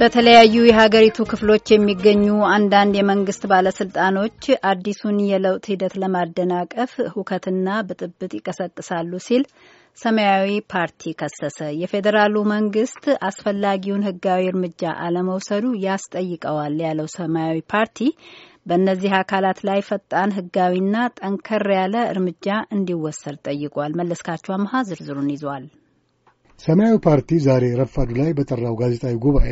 በተለያዩ የሀገሪቱ ክፍሎች የሚገኙ አንዳንድ የመንግስት ባለስልጣኖች አዲሱን የለውጥ ሂደት ለማደናቀፍ ሁከትና ብጥብጥ ይቀሰቅሳሉ ሲል ሰማያዊ ፓርቲ ከሰሰ። የፌዴራሉ መንግስት አስፈላጊውን ህጋዊ እርምጃ አለመውሰዱ ያስጠይቀዋል ያለው ሰማያዊ ፓርቲ በእነዚህ አካላት ላይ ፈጣን ሕጋዊና ጠንከር ያለ እርምጃ እንዲወሰድ ጠይቋል። መለስካቸው አምሃ ዝርዝሩን ይዟል። ሰማያዊ ፓርቲ ዛሬ ረፋዱ ላይ በጠራው ጋዜጣዊ ጉባኤ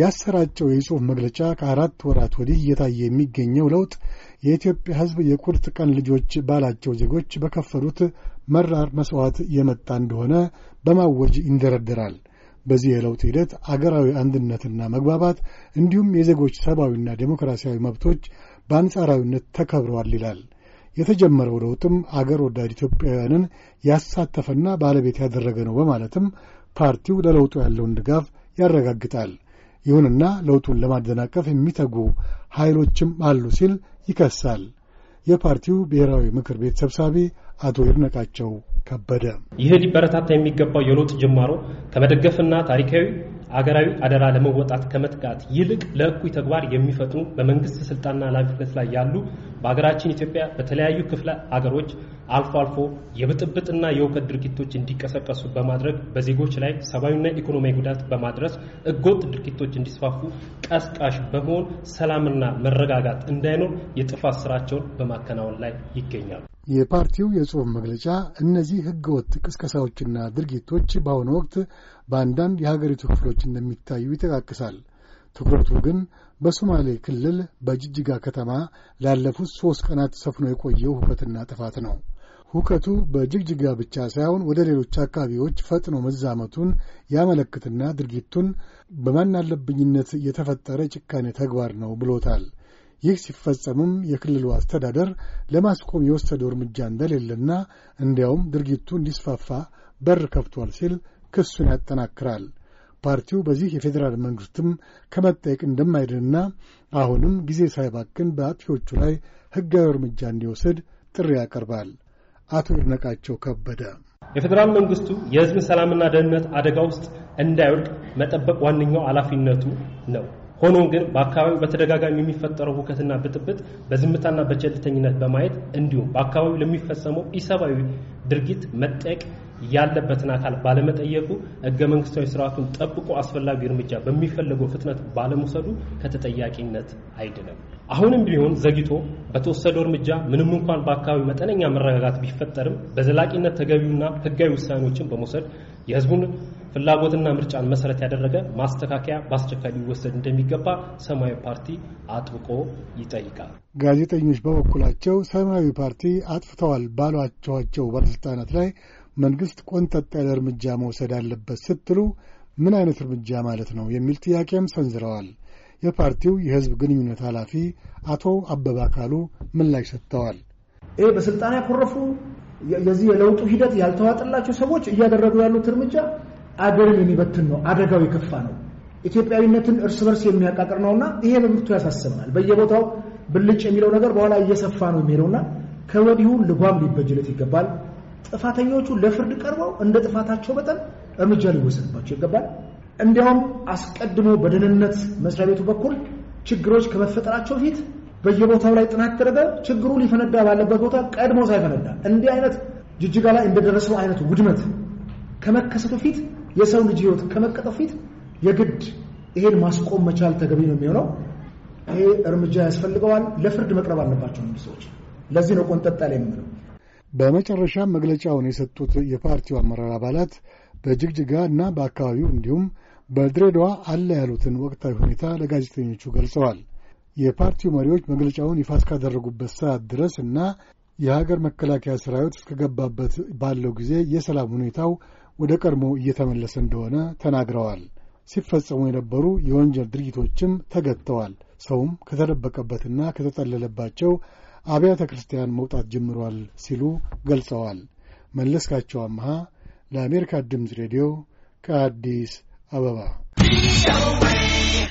ያሰራጨው የጽሑፍ መግለጫ ከአራት ወራት ወዲህ እየታየ የሚገኘው ለውጥ የኢትዮጵያ ሕዝብ የቁርጥ ቀን ልጆች ባላቸው ዜጎች በከፈሉት መራር መስዋዕት የመጣ እንደሆነ በማወጅ ይንደረደራል። በዚህ የለውጥ ሂደት አገራዊ አንድነትና መግባባት እንዲሁም የዜጎች ሰብአዊና ዴሞክራሲያዊ መብቶች በአንጻራዊነት ተከብረዋል ይላል። የተጀመረው ለውጥም አገር ወዳድ ኢትዮጵያውያንን ያሳተፈና ባለቤት ያደረገ ነው በማለትም ፓርቲው ለለውጡ ያለውን ድጋፍ ያረጋግጣል። ይሁንና ለውጡን ለማደናቀፍ የሚተጉ ኃይሎችም አሉ ሲል ይከሳል። የፓርቲው ብሔራዊ ምክር ቤት ሰብሳቢ አቶ ይድነቃቸው ከበደ ይህ ሊበረታታ የሚገባው የለውጥ ጅማሮ ከመደገፍና ታሪካዊ አገራዊ አደራ ለመወጣት ከመትጋት ይልቅ ለእኩይ ተግባር የሚፈጥኑ በመንግስት ስልጣንና ኃላፊነት ላይ ያሉ በሀገራችን ኢትዮጵያ በተለያዩ ክፍለ አገሮች አልፎ አልፎ የብጥብጥና የውከት ድርጊቶች እንዲቀሰቀሱ በማድረግ በዜጎች ላይ ሰብአዊና ኢኮኖሚያዊ ጉዳት በማድረስ ሕገወጥ ድርጊቶች እንዲስፋፉ ቀስቃሽ በመሆን ሰላምና መረጋጋት እንዳይኖር የጥፋት ስራቸውን በማከናወን ላይ ይገኛሉ። የፓርቲው የጽሑፍ መግለጫ እነዚህ ሕገወጥ ቅስቀሳዎችና ድርጊቶች በአሁኑ ወቅት በአንዳንድ የሀገሪቱ ክፍሎች እንደሚታዩ ይጠቃቅሳል። ትኩረቱ ግን በሶማሌ ክልል በጅጅጋ ከተማ ላለፉት ሦስት ቀናት ሰፍኖ የቆየው ሁከትና ጥፋት ነው። ሁከቱ በጅግጅጋ ብቻ ሳይሆን ወደ ሌሎች አካባቢዎች ፈጥኖ መዛመቱን ያመለክትና ድርጊቱን በማናለብኝነት የተፈጠረ ጭካኔ ተግባር ነው ብሎታል። ይህ ሲፈጸምም የክልሉ አስተዳደር ለማስቆም የወሰደው እርምጃ እንደሌለና እንዲያውም ድርጊቱ እንዲስፋፋ በር ከፍቷል ሲል ክሱን ያጠናክራል። ፓርቲው በዚህ የፌዴራል መንግሥትም ከመጠየቅ እንደማይድንና አሁንም ጊዜ ሳይባክን በአጥፊዎቹ ላይ ሕጋዊ እርምጃ እንዲወስድ ጥሪ ያቀርባል። አቶ ይድነቃቸው ከበደ የፌዴራል መንግስቱ የህዝብ ሰላምና ደህንነት አደጋ ውስጥ እንዳይወድቅ መጠበቅ ዋነኛው ኃላፊነቱ ነው። ሆኖም ግን በአካባቢው በተደጋጋሚ የሚፈጠረው ሁከትና ብጥብጥ በዝምታና በቸልተኝነት በማየት እንዲሁም በአካባቢው ለሚፈጸመው ኢሰብአዊ ድርጊት መጠየቅ ያለበትን አካል ባለመጠየቁ ህገ መንግስታዊ ስርዓቱን ጠብቆ አስፈላጊ እርምጃ በሚፈለገው ፍጥነት ባለመውሰዱ ከተጠያቂነት አይድንም። አሁንም ቢሆን ዘግይቶ በተወሰደው እርምጃ ምንም እንኳን በአካባቢው መጠነኛ መረጋጋት ቢፈጠርም በዘላቂነት ተገቢውና ህጋዊ ውሳኔዎችን በመውሰድ የህዝቡን ፍላጎትና ምርጫን መሰረት ያደረገ ማስተካከያ በአስቸኳይ ሊወሰድ እንደሚገባ ሰማያዊ ፓርቲ አጥብቆ ይጠይቃል። ጋዜጠኞች በበኩላቸው ሰማያዊ ፓርቲ አጥፍተዋል ባሏቸዋቸው ባለሥልጣናት ላይ መንግሥት ቆንጠጥ ያለ እርምጃ መውሰድ አለበት ስትሉ ምን አይነት እርምጃ ማለት ነው የሚል ጥያቄም ሰንዝረዋል። የፓርቲው የሕዝብ ግንኙነት ኃላፊ አቶ አበባ አካሉ ምላሽ ሰጥተዋል። ይህ በስልጣን ያኮረፉ የዚህ የለውጡ ሂደት ያልተዋጠላቸው ሰዎች እያደረጉ ያሉት እርምጃ አገርን የሚበትን ነው። አደጋው የከፋ ነው። ኢትዮጵያዊነትን እርስ በርስ የሚያቃቅር ነውና ይሄ በብርቱ ያሳስበናል። በየቦታው ብልጭ የሚለው ነገር በኋላ እየሰፋ ነው የሚሄደውና ከወዲሁ ልጓም ሊበጅለት ይገባል። ጥፋተኞቹ ለፍርድ ቀርበው እንደ ጥፋታቸው መጠን እርምጃ ሊወሰድባቸው ይገባል። እንዲያውም አስቀድሞ በደህንነት መስሪያ ቤቱ በኩል ችግሮች ከመፈጠራቸው ፊት በየቦታው ላይ ጥናት ተደረገ። ችግሩ ሊፈነዳ ባለበት ቦታ ቀድሞ ሳይፈነዳ እንዲህ አይነት ጅጅጋ ላይ እንደደረሰው አይነት ውድመት ከመከሰቱ ፊት የሰው ልጅ ህይወት ከመቀጠፍ ፊት የግድ ይሄን ማስቆም መቻል ተገቢ ነው የሚሆነው። ይሄ እርምጃ ያስፈልገዋል። ለፍርድ መቅረብ አለባቸው ሰዎች። ለዚህ ነው ቆንጠጣ ላይ የምንለው። በመጨረሻ መግለጫውን የሰጡት የፓርቲው አመራር አባላት በጅግጅጋ እና በአካባቢው እንዲሁም በድሬዳዋ አለ ያሉትን ወቅታዊ ሁኔታ ለጋዜጠኞቹ ገልጸዋል። የፓርቲው መሪዎች መግለጫውን ይፋ እስካደረጉበት ሰዓት ድረስ እና የሀገር መከላከያ ሰራዊት እስከገባበት ባለው ጊዜ የሰላም ሁኔታው ወደ ቀድሞ እየተመለሰ እንደሆነ ተናግረዋል። ሲፈጸሙ የነበሩ የወንጀል ድርጊቶችም ተገጥተዋል። ሰውም ከተደበቀበትና ከተጠለለባቸው አብያተ ክርስቲያን መውጣት ጀምሯል ሲሉ ገልጸዋል። መለስካቸው አምሃ ለአሜሪካ ድምፅ ሬዲዮ ከአዲስ አበባ